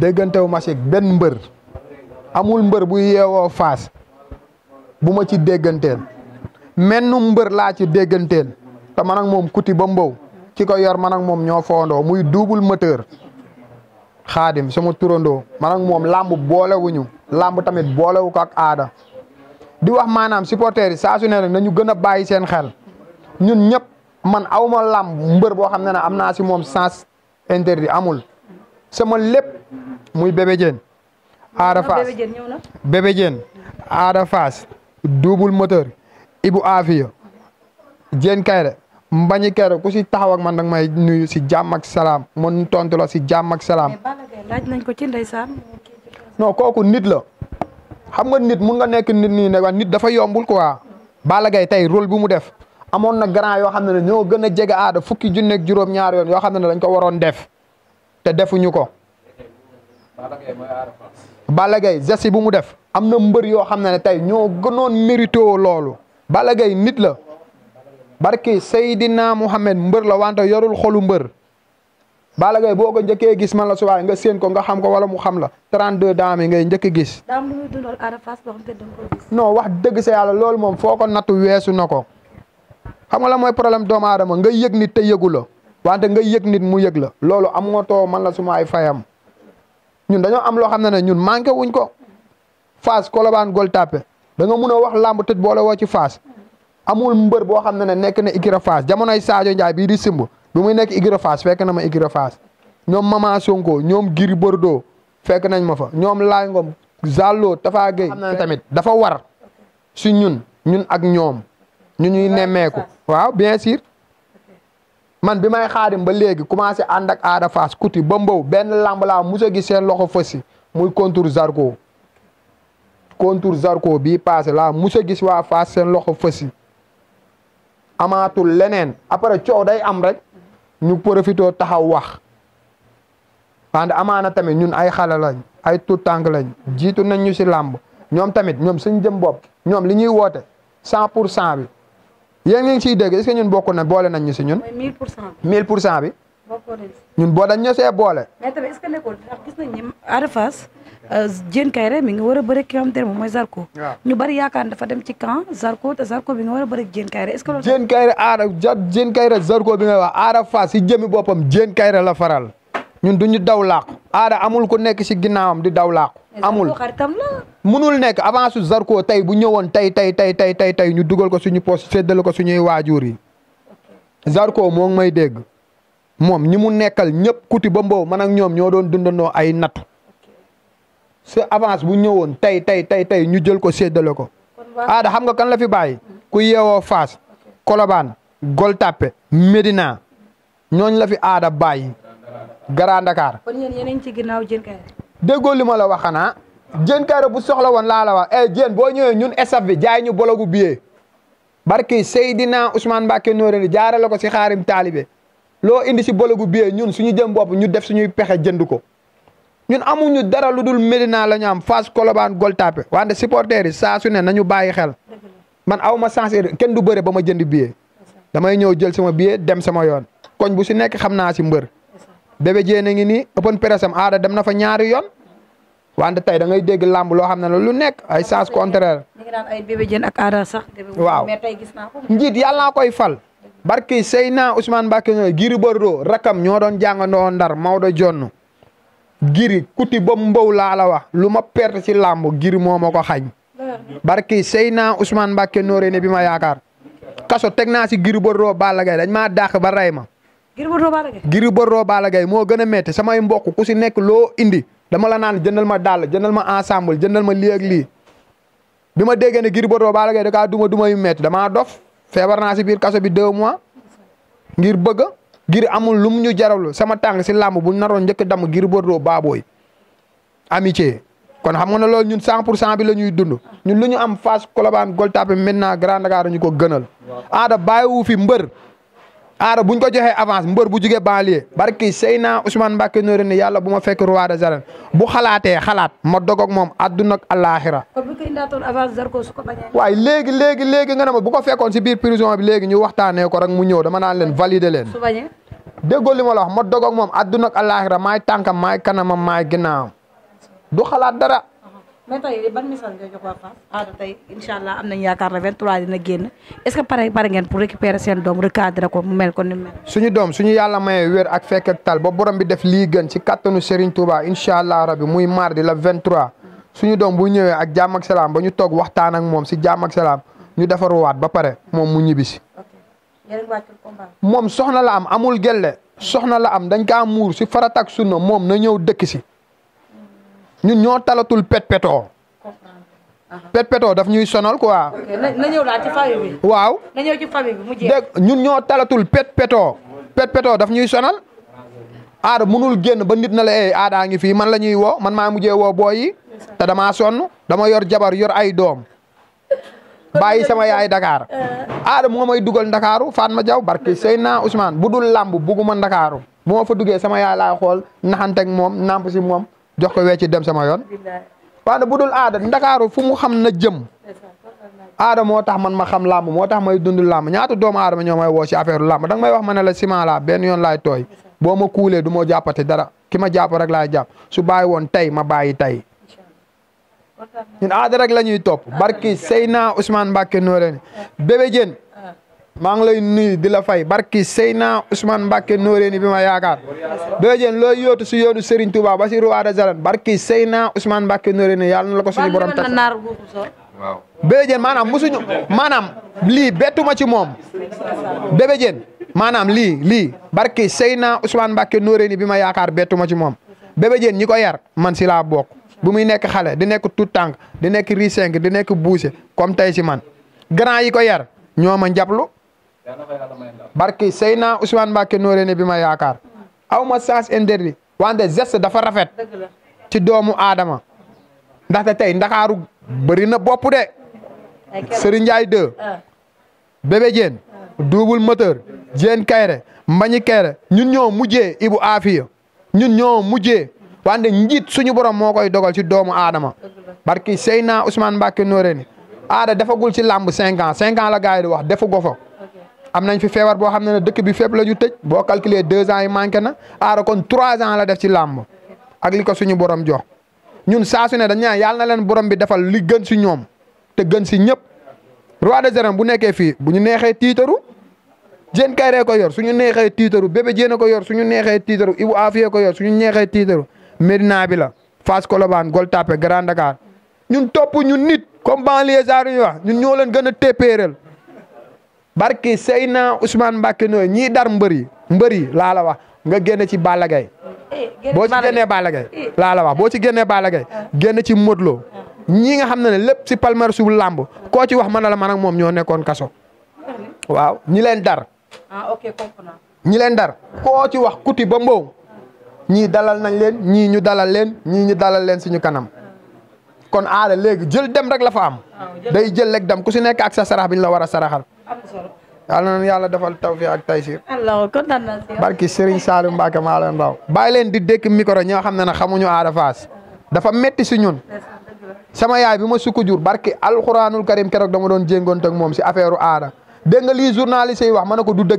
déggantewu teu ci ben mbeur amul mbeur bu yewo faas bu ma ci deugantel menn mbeur la ci deugantel ta man ak mom kuti ba mbow ki ko yor man ak mom ño fondo muy double moteur khadim sama turondo man ak lambu làmb wuñu lambu tamit wu ko ak aada di wax manam supporter yi saa su ne nañu gëna bayyi seen xel ñun ñep man awma lamb mbeur bo xam amna ci mom sens interdit amul sama lepp muy bébé jeen aada fas bébé jeen fas double moteur ibu avio jeen kayre mbañi kayre ku ci taxaw ak man danga may nuyu si jamak ak salam mon tontu la si jam ak salam laaj nañ ko ci ndeysaan non kooku nit la xam nga nit mu nga nek nit ni nek nit dafa yombul quoi Balla Gaye rôle bu mu def amon na grand yo xamne ñoo gëna a aada fukki ak juroom ñaar yoon yo xamne lañ ko waron def te defu ñuko Balla Gaye geste bu mu def amna mbeur yo xamna xam ne ne tey ñoo gënoon nit la barki sayidina muhammad mbeur la wanta yorul xolu mbeur Balla Gaye boo gis man la subaay nga seen ko nga xam ko wala mu xam la 32 dame ngay ñëkke gis. daa lu dundal Ada Fass xam te ko gis. non wax deug sa yalla lolu mom foko natu wessu nako xam nga la moy problème doom adam nga yegg ni te wante nga yëg nit mu yëg la loolu am nga too man la suma ay fayam ñun dañoo am loo xam ne ne ñun manqué wuñ ko Fass Colobane Gueule Tapée da mun a wax làmb tëj boole woo ci Fass amul mbër boo xam ne ne nekk na Ikira Fass jamonoy Sadio Ndiaye bii di simb bi muy nekk Ikira Fass fekk na ma Ikira Fass ñoom Mama Sonko ñoom Giri Bordeaux fekk nañ ma fa ñoom Laay Ngom Zallo Tafa Gueye tamit dafa war si ñun ñun ak ñoom ñu ñuy nemmeeku waaw bien man bi may xaadim ba léegi commencé ànd ak Ada Fass kuti ba mbow benn lamb laa musa gis seen loxo fësi muy contour Zarko contour Zarko bii passé laa musa gis waa Fass seen loxo fësi amaatul leneen après coow day am rek ñu profité taxaw wax wante na tamit ñun ay xale lañ ay tout tànk lañ jiitu nañ ñu si làmb ñoom tamit ñoom suñ jëm bopp ñoom li ñuy woote cent pour cent bi yéen ngi ciy dégg est ñun bokk na boole nañ ñu si ñun. mooy 1000% bi 1000% bi. ñun boo dañ ñoo see boole. mais tamit est-ce que nekkul ndax gis nañ ni Ada Fass euh, Diène Kairé mi ngi war a bëri ki nga xam te ne moom Zarko. ñu bari yaakaar dafa dem ci camp Zarko te Zarko bi nga war a bëri Diène Kairé est-ce que. Diène Kairé Ada Diène Kairé Zarko bi nga wax Ada Fass si jëmi boppam Diène Kairé la faral ñun du ñu daw làqu aada amul ku nekk ci ginnaawam di daw laaku amul munul nekk avance su Zarko tey bu ñëwoon tey tey tey tey tey tey ñu dugal ko suñu poste séddale ko suñuy waajur yi Zarko moo may dégg moom ñi mu nekkal ñëpp kuti ba mboow man ak ñoom ñoo doon dundandoo ay nattu sa avance bu ñëwoon tey tey tey tey ñu jël ko séddale ko aada xam nga kan la fi bàyyi hmm. ku yeewoo Fass Colobane Gueule Tapée Médina hmm. ñooñ la fi aada bàyyi Grand Dakar. kon yéen ci ginnaaw Diène Kaïré. li ma la wax xanaa. Diène Kaïré bu soxla woon laa la wax eh Diène boo ñëwee ñun staff bi jaay ñu bologu billet. barki Seydina Ousmane Mbacke Noreyni jaarale ko si xaarim taalibe loo indi si bologu billet ñun suñu jëm bopp ñu def suñuy pexe jënd ko. ñun amuñu dara lu dul Médina la ñu am Fass Colobane Gueule wante supporters yi saa su ne nañu bàyyi xel. man aw ma sens kenn du bëre ba ma jënd billet. damay ñëw jël sama billet dem sama yoon koñ bu si nekk xam naa si mbër. bébé jéen a ngi ni open press am aada dem na fa ñaari yoon wante tay da ngay dégg lamb lo xamna lu nekk ay sens contraire. ngi nan ay bébé jéen ak ada sax. mais tay gis na ko. njit yalla koy fal. barki Seyna Ousmane bakki Giri bordo rakam ño doon jangando Ndar mawdo Jonn Giri kuti ba mbow la la wax luma perte ci lamb Giri momako xagn barki Seyna Ousmane bakki nooree ne bima yaakar kasso kaso teknasi Giri bordo Balla dañ ma dakh ba Gris Bordeaux Balla Gaye Gris Bordeaux Balla Gaye moo gën a métti samay mbokk ku si nekk loo indi dama la naan jëndal ma dàll jëndal ma ensemble jëndal ma lii ak lii bi ma déggee ne Gris Bordeaux Balla Gaye da kaa duma duma yu métti damaa dof feebar naa si biir kaso bi deux mois ngir bëgg ngir amul lu mu ñu jaral sama tàng si làmb bu naroon njëkk dam Gris Bordeaux baabooy amitié kon xam nga ne loolu ñun cent pour cent bi la ñuy dund ñun lu ñu am Fass Colobane Gueule Tapée maintenant Grand Dakar ko gënal aada aara buñ ko joxee avance mbër bu jugee banlieue barki Seyna Ousmane Mbacke Noreyni ne yàlla bu ma fekk roi des bu xalaatee xalaat ma dog ak moom àdduna ak alaaxira. kon bu ko indaatoon avance waaye léegi léegi léegi nga ne ma bu ko fekkoon si biir prison bi léegi ñu waxtaanee ko rek mu ñëw dama naan leen valider leen. su bañee. déggoo li ma la ak moom àdduna ak alaaxira maay tànkam maay kanamam maay ginnaawam du xalaat dara. mais tey ban message nga ah, allah am nañu yaakaar ne 23 dina génn est-ce ngeen pour récupérer seen doom recadrer ko mu mel ko ni doom suñu yàlla mayee wér ak fekk ak tal ba borom bi def lii gën ci kattanu Serigne Touba incha allah rabi muy maar mardi la 23 suñu doom bu ñëwee ak jàmm ak salaam ba ñu toog waxtaan ak moom si jàmm ak ñu defar waat ba pare moom mu ñibbisi. moom soxna la am amul gelle soxna la am dañ kaa muur si farat ak sunna moom na ñëw dëkk si. ñun ñoo talatul pet petoo. daf ñuy sonal quoi. na ñoo talatul pet petoo. daf ñuy sonal. aada mënul génn ba nit na la ay eh, aadaa ngi fii man la ñuy woo man maa mujjee woo booy yi te damaa sonn dama yor jabar yor ay doom. bàyyi sama yaay dakaar eh. aada moo may dugal Ndakaaru Fatma jaw barki Seyna Ousmane bu dul làmb bugguma Ndakaaru bu ma fa duggee sama yaay laay xool naxanteeg moom namp si moom jox ko wecci dem ma yon waaye bu dul aada ndakaaru fu mu xam na jëm aada moo tax man ma xam làmb moo tax may dund làmb ñaata doomu aadama ñoo may woo si affaire làmb danga may wax ma ne la ciment laa benn yoon laay tooy boo ma kuulee du ma jàppate dara ki ma jàpp rek laay jàpp su bàyyi woon tey ma bàyyi tey ñun aada rek la ñuy topp barki Seyna na Mbacke Noreyni ah. bébé Diène ah. Mang lay nuy dila fay barki Seyna Ousmane Mbacke Noreyni bi yaakar do jeen lo yotu su yodu Serigne Touba basirou si barki Seyna Ousmane mbake Noreyni yàlla na la suñu borom tax bebe jeen manam musuñu manam li betuma ci bebe jeen manam li li barki Seyna Ousmane mbake Noreyni bi ma yaakaar bettuma ci mom bebe jeen ñiko yar man si la bok bu muy nek xalé di nek tout tank di ri riseng di nek buuse comme tay ci man grand yi ko yar ñoma barki sëy naa Ousmane Mbacke nooree bi ma yaakaar aw ma sens interdit wante geste dafa rafet ci doomu aadama ndaxte tey ndaxaaru bëri na bopp de Serigne Ndiaye 2 bébé Diène double moteur Diène Kayre Mbañi Kayre ñun ñoo mujjee Ibu Afia ñun ñoo mujjee wande njiit suñu borom moo koy dogal ci doomu aadama barki sëy naa Ousmane Mbacke nooree ni aada defagul ci làmb cinq ans cinq la gars di wax defu ko fa am nañ fi feebar boo xam ne ne dëkk bi fépp la ñu tëj boo calculer deux ans yi manqué na aara kon trois ans la def ci làmb ak li ko suñu borom jox ñun saa su ne dañ ñaan yàlla na leen borom bi defal li gën si ñoom te gën si ñëpp roi des arènes bu nekkee fii bu ñu neexee tiitaru Diène Kaïré ko yor suñu neexee tiitaru Bébé Diène ko yor suñu neexee tiitaru Ibou Afia ko yor suñu neexee tiitaru Médina bi la Fass Colobane Gueule Tapée Grand Dakar ñun topp ñun nit comme banlieusards yi wax ñun ñoo leen gën a téppéeral barki sey na Mbacke nooyu ñii dar mbëri mbëri laa la nga génn ci Balla Gaye eh, boo ci génnee Balla Gaye eh. laa la wax boo ci génnee Balla Gaye génn ci Modou Lo ñii nga xam ne ne lépp si palmarès su làmb koo ci wax mën na la man moom ñoo nekkoon kaso waaw ñi leen dar ah, ñi leen dar koo ci wax kuti ba mbow ñii dalal nañ leen ñii ñu dalal leen ñii ñu dalal leen suñu kanam kon aada léegi jël dem rek lafa am. Ah, day jël rek dem ku si nekk ak sa sarax bi ñu la war a saraxal. am solo yal yàlla defal tawfiq ak taysir. alors kontaan naa si yow. barki Serigne Saliou Mbacke maa leen raw. leen di dékk micro ñoo xam ne nag xamuñu aada faas dafa metti si ñun. sama yaay bi ma sukk jur barki alxuraanul karim keroog dama doon jéngoon ak moom si affaire aada dégg nga lii journaliste yi wax ma ne ko du dëkk